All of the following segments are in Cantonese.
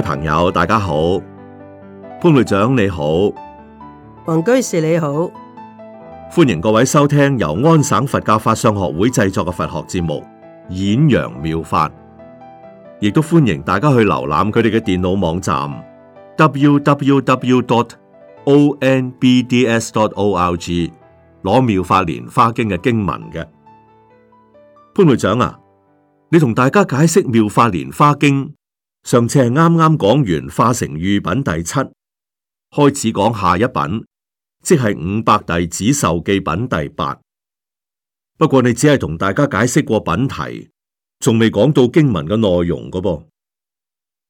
朋友，大家好，潘會長你好，王居士你好，歡迎各位收聽由安省佛教法相學會製作嘅佛學節目《演揚妙法》，亦都歡迎大家去瀏覽佢哋嘅電腦網站 www.dot.onbds.dot.org 攞《www. org, 妙法蓮華經》嘅經文嘅。潘會長啊，你同大家解釋《妙法蓮華經》。上次係啱啱講完化城喻品第七，開始講下一品，即係五百弟子受記品第八。不過你只係同大家解釋過品題，仲未講到經文嘅內容噶噃。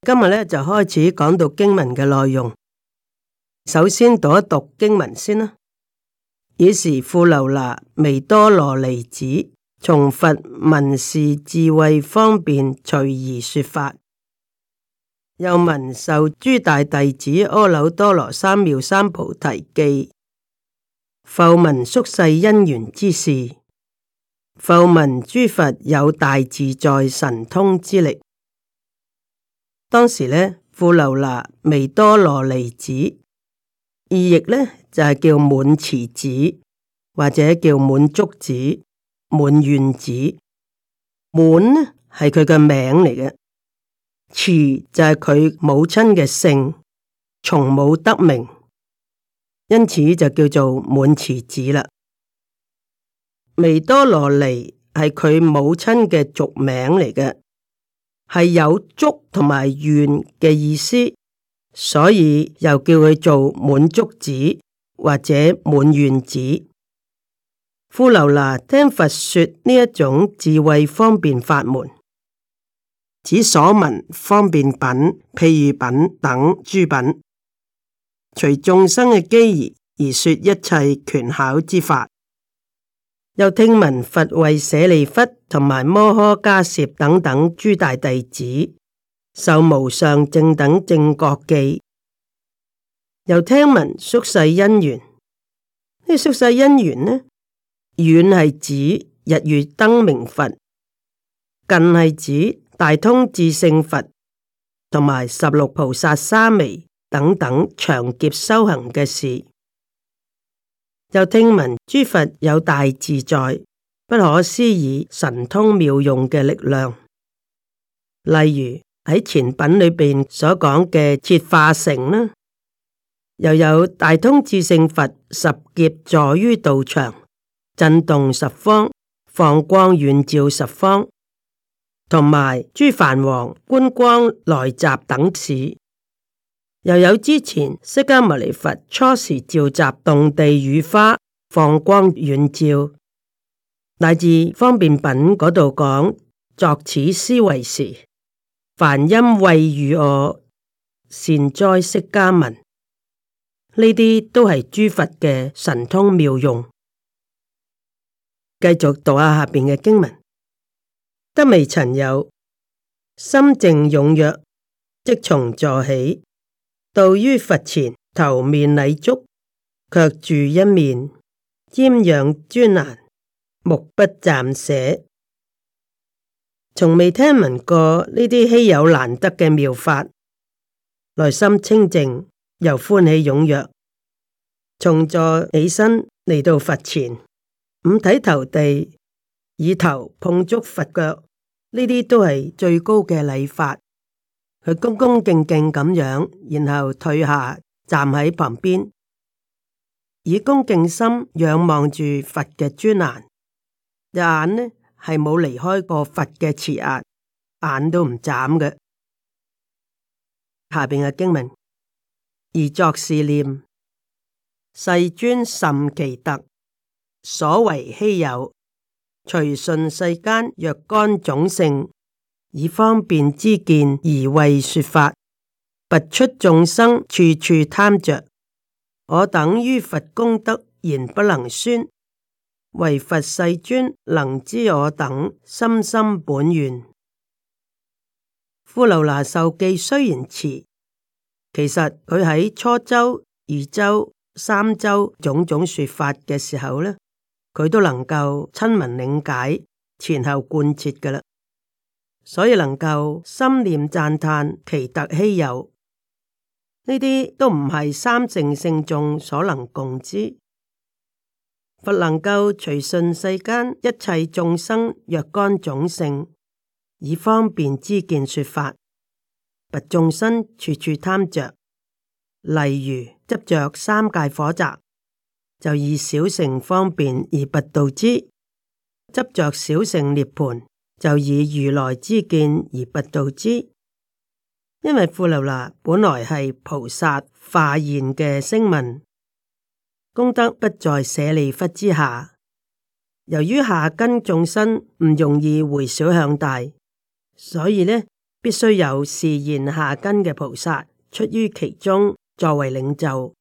今日咧就開始講到經文嘅內容。首先讀一讀經文先啦。爾時富樓那、彌多羅尼子從佛聞是智慧方便隨宜說法。又聞受諸大弟子阿耨多羅三藐三菩提記，復聞宿世因緣之事，復聞諸佛有大自在神通之力。當時呢，富樓那彌多羅尼子，意譯呢就係叫滿慈子，或者叫滿足子、滿願子。滿呢係佢嘅名嚟嘅。慈就係佢母親嘅姓，從母得名，因此就叫做滿慈子啦。彌多羅尼係佢母親嘅俗名嚟嘅，係有足同埋願嘅意思，所以又叫佢做滿足子或者滿願子。富樓那聽佛說呢一種智慧方便法門。此所聞方便品、譬喻品等諸品，隨眾生嘅機宜而說一切權巧之法。又聽聞佛為舍利弗同埋摩訶迦葉等等諸大弟子受無上正等正覺記。又聽聞宿世因緣，呢宿世因緣呢遠係指日月燈明佛，近係指，大通智勝佛同埋十六菩薩沙彌等等長劫修行嘅事，又聽聞諸佛有大自在、不可思議神通妙用嘅力量，例如喺前品裏面所講嘅設化城呢，又有大通智勝佛十劫坐於道場，震動十方，放光遠照十方。同埋諸梵王觀光來集等詞，又有之前釋迦牟尼佛初時召集、動地雨花、放光遠照，乃至方便品嗰度講，作此思維時，梵音慰喻我，善哉釋迦文，呢啲都係諸佛嘅神通妙用。繼續讀下下面嘅經文。得未曾有，心靜踊躍，即從座起，到於佛前，頭面禮足，卻住一面，瞻仰尊顏，目不暫捨。從未聽聞過呢啲稀有難得嘅妙法，內心清靜又歡喜踊躍，從座起身嚟到佛前，五體投地，以頭碰觸佛腳。呢啲都係最高嘅禮法，佢恭恭敬敬咁樣，然後退下站喺旁邊，以恭敬心仰望住佛嘅尊顏，眼呢係冇離開過佛嘅慈顏，眼都唔眨嘅。下邊嘅經文，而作是念，世尊甚奇特，所為稀有。隨順世間若干種性，以方便之見而為說法，拔出眾生處處貪着。我等於佛功德言不能宣，唯佛世尊能知我等深心本願。富樓那受記雖然遲，其實佢喺初周、二周、三周種種種說法嘅時候呢。佢都能夠親民領解，前後貫徹㗎喇，所以能夠心念讚歎奇特稀有。呢啲都唔係三乘聖眾所能共之。佛能夠隨順世間一切眾生若干種性，以方便知見說法，拔眾生處處貪着，例如執着三界火宅。就以小乘方便而拔度之，執着小乘涅槃，就以如來之見而拔度之。因為富樓那本來係菩薩化現嘅聲聞，功德不在舍利弗之下。由於下根眾生唔容易回小向大，所以呢必須有示現下根嘅菩薩出於其中作為領袖。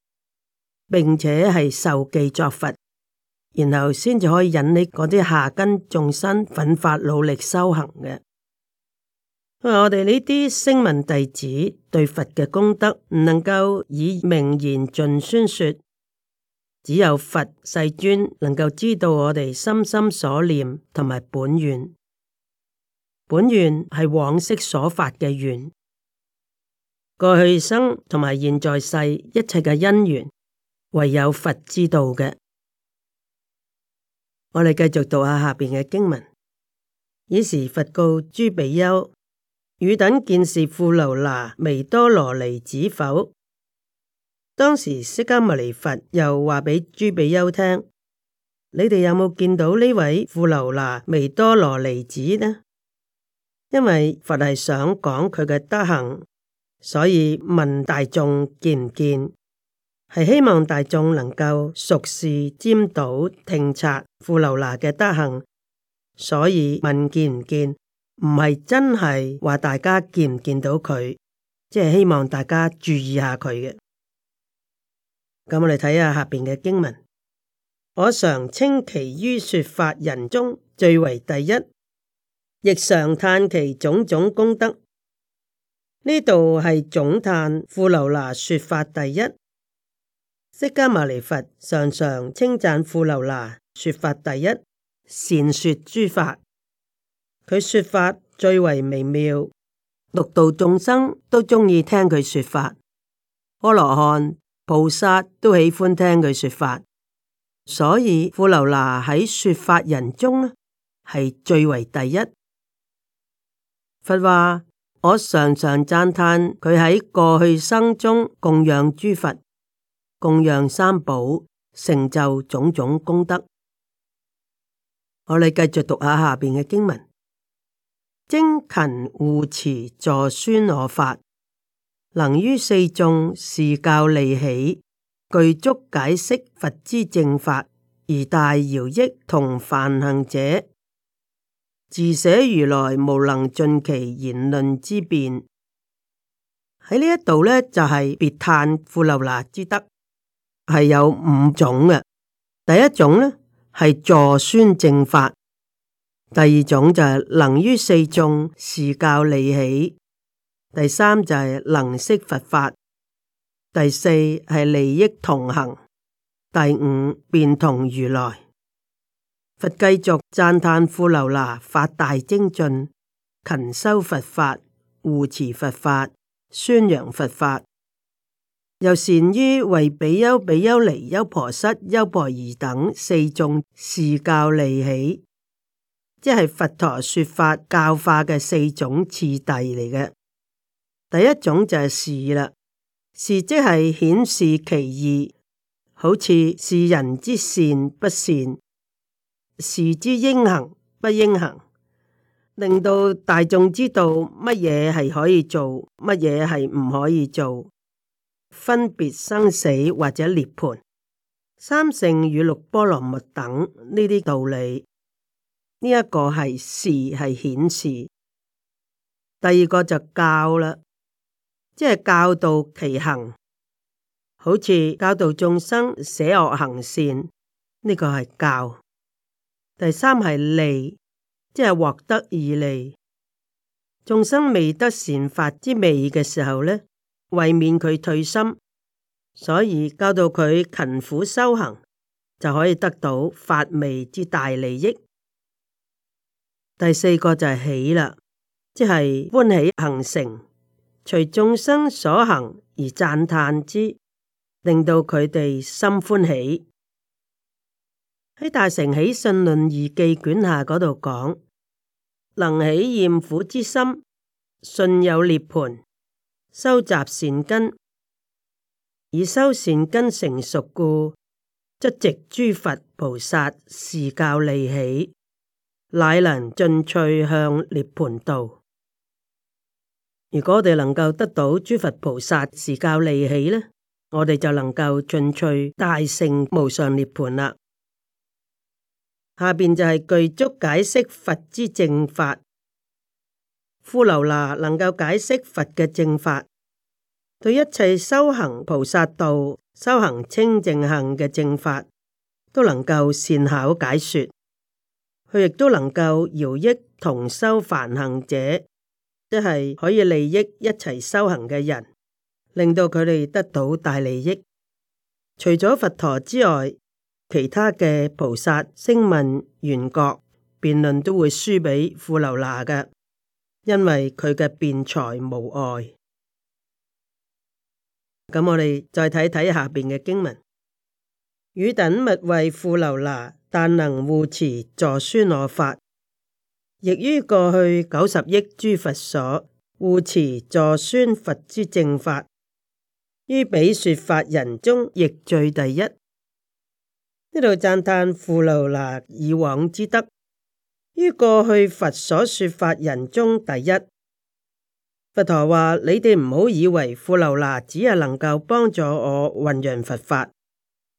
並且係受記作佛，然後先至可以引起嗰啲下根眾生奮發努力修行嘅。我哋呢啲聲聞弟子對佛嘅功德唔能夠以名言盡宣說，只有佛世尊能夠知道我哋心心所念同埋本願。本願係往昔所發嘅願，過去生同埋現在世一切嘅因緣。唯有佛知道嘅，我哋繼續讀下下邊嘅經文。爾時佛告諸比丘：汝等見是富樓那彌多羅尼子否？當時釋迦牟尼佛又話俾諸比丘聽：你哋有冇見到呢位富樓那彌多羅尼子呢？因為佛係想講佢嘅德行，所以問大眾見唔見？係希望大眾能夠熟視、瞻睹、聽察富樓那嘅德行，所以問見唔見，唔係真係話大家見唔見到佢，即係希望大家注意下佢嘅。咁我哋睇下下邊嘅經文，我常稱其於說法人中最為第一，亦常嘆其種種功德。呢度係總嘆富樓那說法第一。釋迦牟尼佛常常稱讚富樓那說法第一，善說諸法，佢說法最為微妙，六道眾生都鍾意聽佢說法，阿羅漢、菩薩都喜歡聽佢說法，所以富樓那喺說法人中呢係最為第一。佛話：我常常讚嘆佢喺過去生中供養諸佛。供養三寶，成就種種功德。我哋繼續讀下下邊嘅經文：精勤護持助宣我法，能於四眾示教利喜，具足解釋佛之正法。而大饒益同梵行者，自捨如來，無能盡其言論之辯。喺呢一度呢，就係、是、別嘆富樓那之德。係有五種嘅，第一種呢，係助宣正法，第二種就係能於四眾示教利喜，第三就係能釋佛法，第四係利益同行，第五便同如來。佛繼續讚嘆富樓那發大精進，勤修佛法，護持佛法，宣揚佛法。又善於為比丘、比丘尼、優婆塞、優婆夷等四眾示教利喜，即係佛陀說法教化嘅四種次第嚟嘅。第一種就係示啦，示即係顯示其義，好似示人之善不善，事之應行不應行，令到大眾知道乜嘢係可以做，乜嘢係唔可以做。分別生死或者涅槃、三性與六波羅蜜等呢啲道理，呢、這、一個係示係顯示；第二個就教啦，即係教導其行，好似教導眾生捨惡行善，呢、這個係教；第三係利，即係獲得以利益。眾生未得善法之味嘅時候呢？為免佢退心，所以教到佢勤苦修行，就可以得到發微之大利益。第四個就係喜啦，即係歡喜行成，隨眾生所行而讚歎之，令到佢哋心歡喜。喺《大乘起信論義記卷下》下嗰度講，能起厭苦之心，信有涅槃。收集善根，以修善根成熟故，則值諸佛菩薩示教利喜，乃能進趣向涅槃道。如果我哋能夠得到諸佛菩薩示教利喜呢，我哋就能夠進趣大乘無上涅槃啦。下邊就係具足解釋佛之正法。富樓那能夠解釋佛嘅正法，對一切修行菩薩道，修行清淨行嘅正法都能夠善巧解說。佢亦都能夠饒益同修梵行者，即係可以利益一齊修行嘅人，令到佢哋得到大利益。除咗佛陀之外，其他嘅菩薩、聲聞、緣覺辯論都會輸俾富樓那嘅。因為佢嘅辯才無礙，咁我哋再睇睇下邊嘅經文：汝等勿謂富樓那，但能護持助宣我法，亦於過去九十億諸佛所護持助宣佛之正法，於彼說法人中亦最第一。呢度讚歎富樓那以往之德。於過去佛所說法人中第一，佛陀話：你哋唔好以為富樓那只係能夠幫助我弘揚佛法，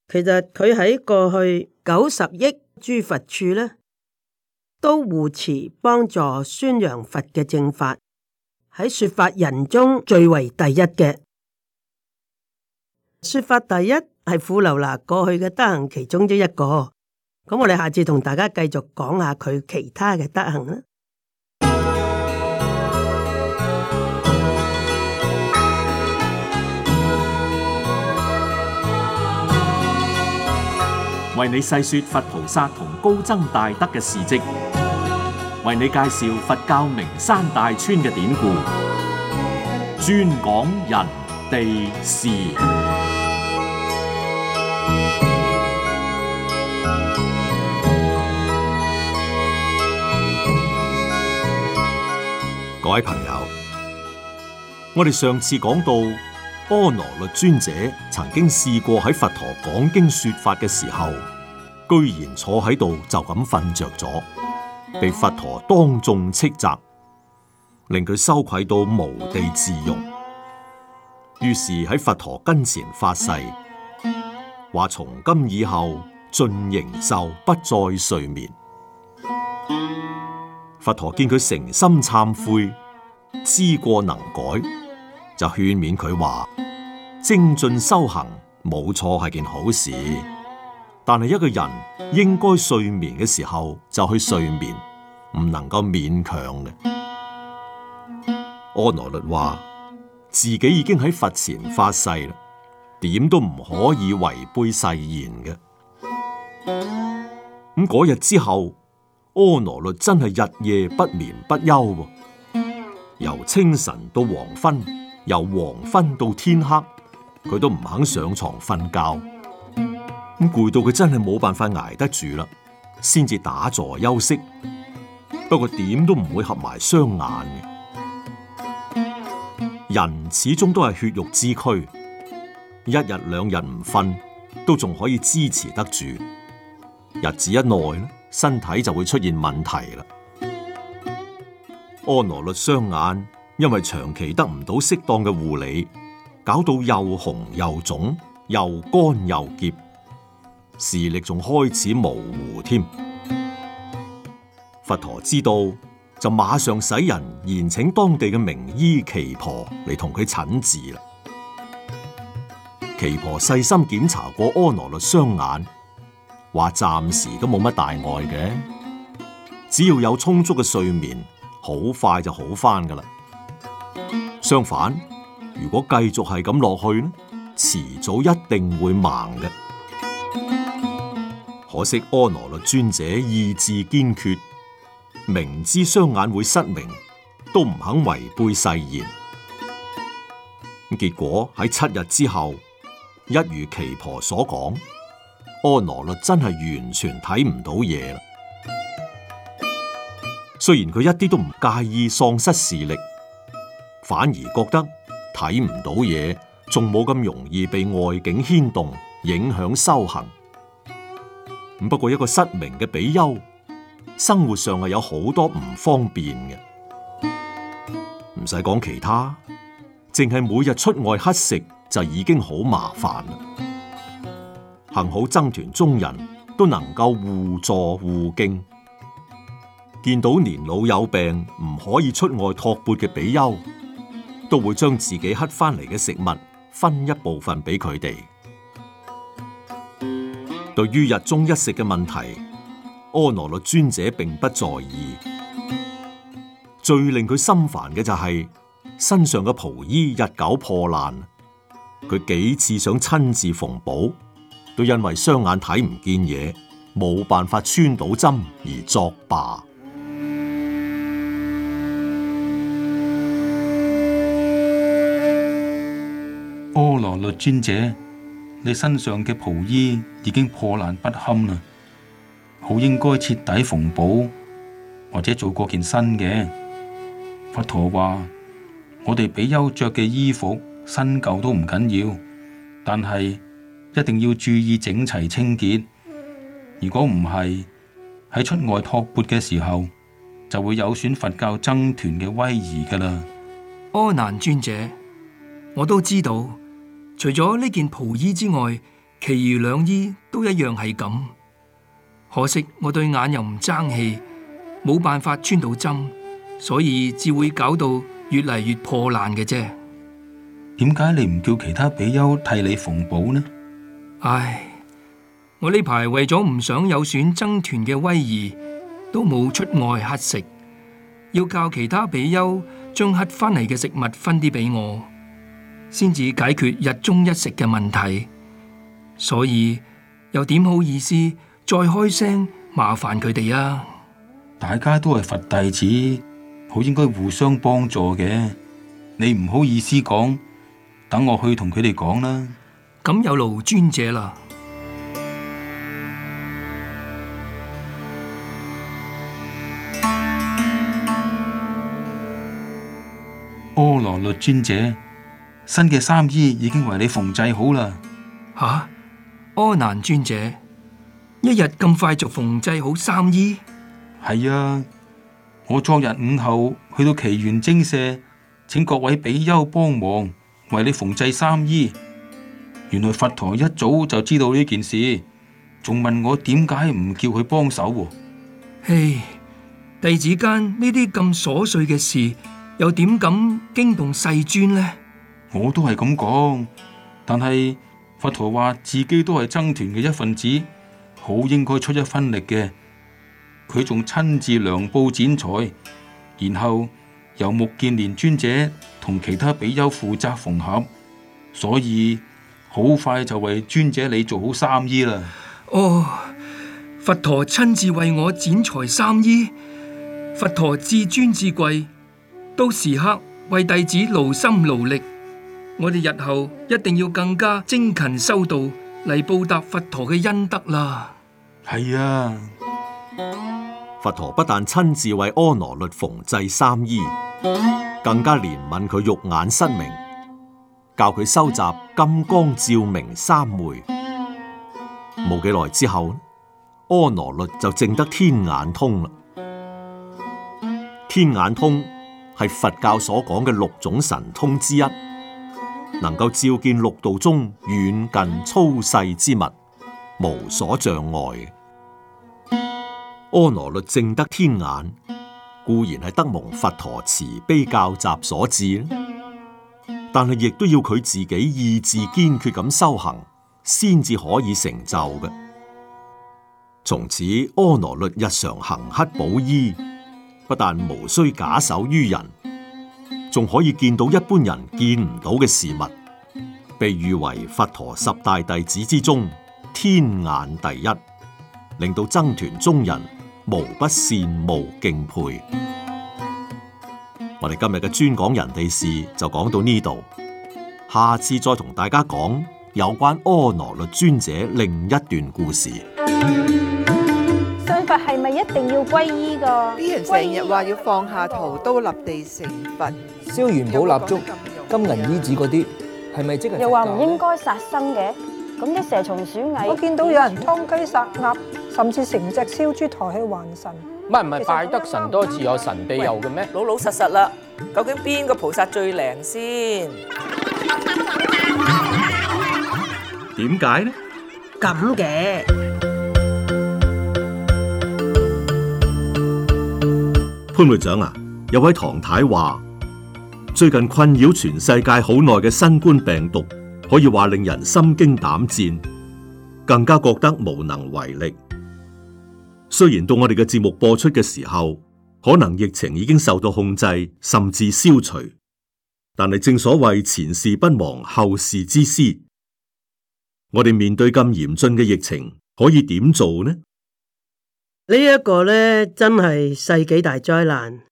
其實佢喺過去九十億諸佛處呢，都護持幫助宣揚佛嘅正法，喺說法人中最為第一嘅說法第一係富樓那過去嘅德行其中之一個。咁我哋下次同大家繼續講下佢其他嘅德行啦。為你細說佛菩薩同高僧大德嘅事跡，為你介紹佛教名山大川嘅典故，專講人地事。各位朋友，我哋上次講到阿那律尊者曾經試過喺佛陀講經說法嘅時候，居然坐喺度就咁瞓着咗，被佛陀當眾斥責，令佢羞愧到無地自容。於是喺佛陀跟前發誓，話從今以後盡形壽不再睡眠。佛陀見佢誠心懺悔，知過能改，就勸勉佢話：精進修行冇錯係件好事，但係一個人應該睡眠嘅時候就去睡眠，唔能夠勉強嘅。阿那律話自己已經喺佛前發誓啦，點都唔可以違背誓言嘅。咁嗰日之後，阿那律真係日夜不眠不休啊，由清晨到黃昏，由黃昏到天黑，佢都唔肯上床瞓覺。咁攰到佢真係冇辦法捱得住啦，先至打坐休息。不過點都唔會合埋雙眼嘅。人始終都係血肉之軀，一日兩日唔瞓都仲可以支持得住，日子一耐呢？身體就會出現問題啦。阿那律雙眼因為長期得唔到適當嘅護理，搞到又紅又腫，又乾又澀，視力仲開始模糊添。佛陀知道，就馬上使人延請當地嘅名醫奇婆嚟同佢診治啦。奇婆細心檢查過阿那律雙眼。話暫時都冇乜大礙嘅，只要有充足嘅睡眠，好快就好返㗎喇。相反，如果繼續係咁落去，遲早一定會盲嘅。可惜阿那律尊者意志堅決，明知雙眼會失明，都唔肯違背誓言。結果喺七日之後，一如奇婆所講。阿那律真係完全睇唔到嘢啦。雖然佢一啲都唔介意喪失視力，反而覺得睇唔到嘢仲冇咁容易被外境牽動影響修行。咁不過一個失明嘅比丘，生活上係有好多唔方便嘅，唔使講其他，淨係每日出外乞食就已經好麻煩啦。幸好，僧團中人都能夠互助互敬。見到年老有病唔可以出外托缽嘅比丘，都會將自己乞翻嚟嘅食物分一部分俾佢哋。對於日中一食嘅問題，阿那律尊者並不在意。最令佢心煩嘅就係、是、身上嘅袍衣日久破爛，佢幾次想親自縫補。都因為雙眼睇唔見嘢，冇辦法穿到針而作罷。阿那律尊者，你身上嘅袍衣已經破爛不堪啦，好應該徹底縫補或者做過件新嘅。佛陀話：我哋比丘着嘅衣服新舊都唔緊要，但係，一定要注意整齊清潔，如果唔係喺出外托缽嘅時候，就會有損佛教僧團嘅威儀㗎喇。阿那律尊者，我都知道，除咗呢件袍衣之外，其餘兩衣都一樣係咁。可惜我對眼又唔爭氣，冇辦法穿到針，所以只會搞到越嚟越破爛嘅啫。點解你唔叫其他比丘替你縫補呢？唉，我呢排為咗唔想有損僧團嘅威儀，都冇出外乞食，要教其他比丘將乞返嚟嘅食物分啲俾我，先至解決日中一食嘅問題。所以又點好意思再開聲麻煩佢哋啊？大家都係佛弟子，好應該互相幫助嘅。你唔好意思講，等我去同佢哋講啦。咁有勞尊者啦。阿那律尊者，新嘅三衣已經為你縫製好啦。吓、啊，阿難尊者，一日咁快就縫製好三衣？係啊，我昨日午後去到祇園精舍，請各位比丘幫忙為你縫製三衣。原來佛陀一早就知道呢件事，仲問我點解唔叫佢幫手。嘿，hey，弟子間呢啲咁瑣碎嘅事，又點敢驚動世尊呢？我都係咁講，但係佛陀話自己都係僧團嘅一份子，好應該出一分力嘅。佢仲親自量布剪裁，然後由目犍連尊者同其他比丘負責縫合，所以，好快就為尊者你做好三衣啦！哦，佛陀親自為我剪裁三衣，佛陀至尊至貴，都時刻為弟子勞心勞力。我哋日後一定要更加精勤修道嚟報答佛陀嘅恩德啦！係啊，佛陀不但親自為阿那律縫製三衣，更加憐憫佢肉眼失明。教佢收集金光照明三昧，冇幾耐之後，阿那律就證得天眼通啦。天眼通係佛教所講嘅六種神通之一，能夠照見六道中遠近粗細之物，無所障礙。阿那律證得天眼，固然係得蒙佛陀慈悲教習所致。但係亦都要佢自己意志堅決咁修行，先至可以成就嘅。從此阿那律日常行乞補衣，不但無需假手於人，仲可以見到一般人見唔到嘅事物，被譽為佛陀十大弟子之中天眼第一，令到僧團中人無不羨慕敬佩。我哋今日嘅專講人哋事就講到呢度，下次再同大家講有關阿那律尊者另一段故事是是。信佛係咪一定要皈依噶？啲人成日話要放下屠刀立地成佛，燒元寶蠟燭、金銀衣紙嗰啲，係咪即係？又話唔應該殺生嘅，咁啲蛇蟲鼠蟻，我見到有人劏雞殺鴨，甚至成隻燒豬抬去還神。唔唔係，拜得神多自有神庇佑嘅咩？老老實實啦，究竟邊個菩薩最靈先？點解呢？咁嘅潘會長啊，有位唐太話，最近困擾全世界好耐嘅新冠病毒，可以話令人心驚膽戰，更加覺得無能為力。雖然到我哋嘅節目播出嘅時候，可能疫情已經受到控制甚至消除，但係正所謂前事不忘後事之師，我哋面對咁嚴峻嘅疫情，可以點做呢？呢一個呢，真係世紀大災難，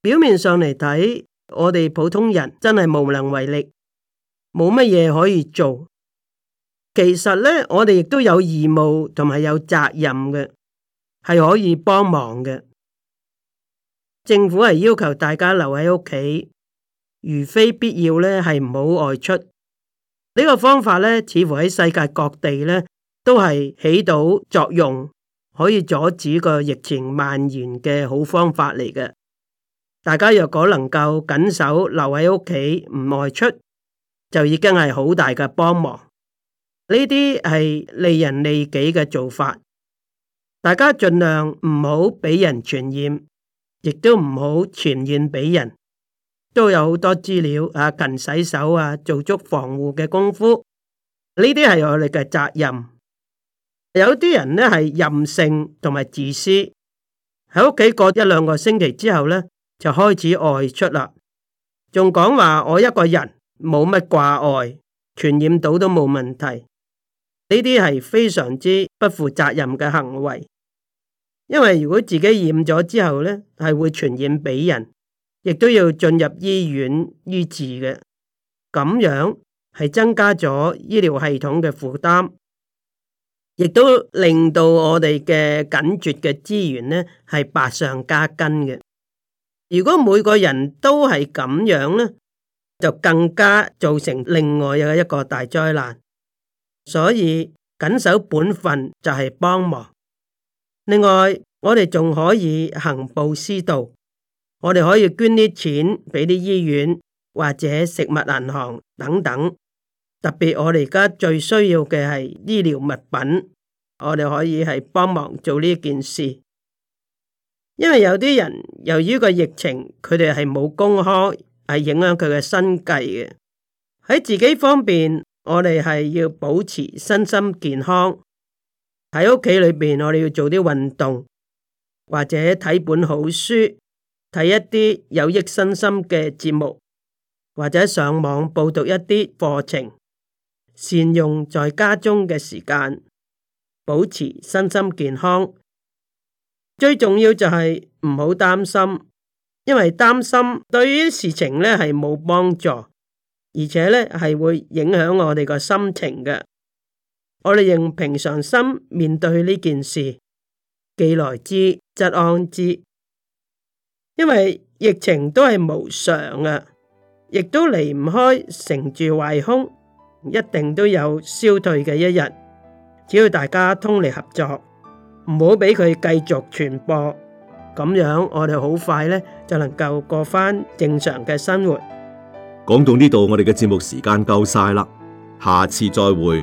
表面上嚟睇，我哋普通人真係無能為力，冇乜嘢可以做。其實呢，我哋亦都有義務同埋有責任嘅。係可以幫忙嘅，政府係要求大家留喺屋企，如非必要咧，係唔好外出。呢個方法咧，似乎喺世界各地咧都係起到作用，可以阻止個疫情蔓延嘅好方法嚟嘅。大家若果能夠緊守留喺屋企，唔外出，就已經係好大嘅幫忙。呢啲係利人利己嘅做法。大家盡量唔好俾人傳染，亦都唔好傳染俾人。都有好多資料啊，勤洗手啊，做足防護嘅功夫。呢啲係我哋嘅責任。有啲人呢係任性同埋自私，喺屋企過一兩個星期之後呢，就開始外出啦，仲講話我一個人冇乜掛礙，傳染到都冇問題。呢啲係非常之不負責任嘅行為。因為如果自己染咗之後呢，係會傳染俾人，亦都要進入醫院醫治嘅，咁樣係增加咗醫療系統嘅負擔，亦都令到我哋嘅緊缺嘅資源呢係百上加斤嘅。如果每個人都係咁樣呢，就更加造成另外嘅一個大災難。所以緊守本分就係幫忙。另外，我哋仲可以行布施道，我哋可以捐啲錢俾啲醫院或者食物銀行等等。特別我哋而家最需要嘅係醫療物品，我哋可以係幫忙做呢件事。因為有啲人由於個疫情，佢哋係冇工開，係影響佢嘅生計嘅。喺自己方面，我哋係要保持身心健康。喺屋企裏邊，我哋要做啲運動，或者睇本好書，睇一啲有益身心嘅節目，或者上網報讀一啲課程，善用在家中嘅時間，保持身心健康。最重要就係唔好擔心，因為擔心對於事情咧係冇幫助，而且咧係會影響我哋個心情嘅。我哋用平常心面對呢件事，既來之則安之。因為疫情都係無常啊，亦都離唔開成住壞空，一定都有消退嘅一日。只要大家通力合作，唔好俾佢繼續傳播，咁樣我哋好快咧就能夠過翻正常嘅生活。講到呢度，我哋嘅節目時間夠晒啦，下次再會。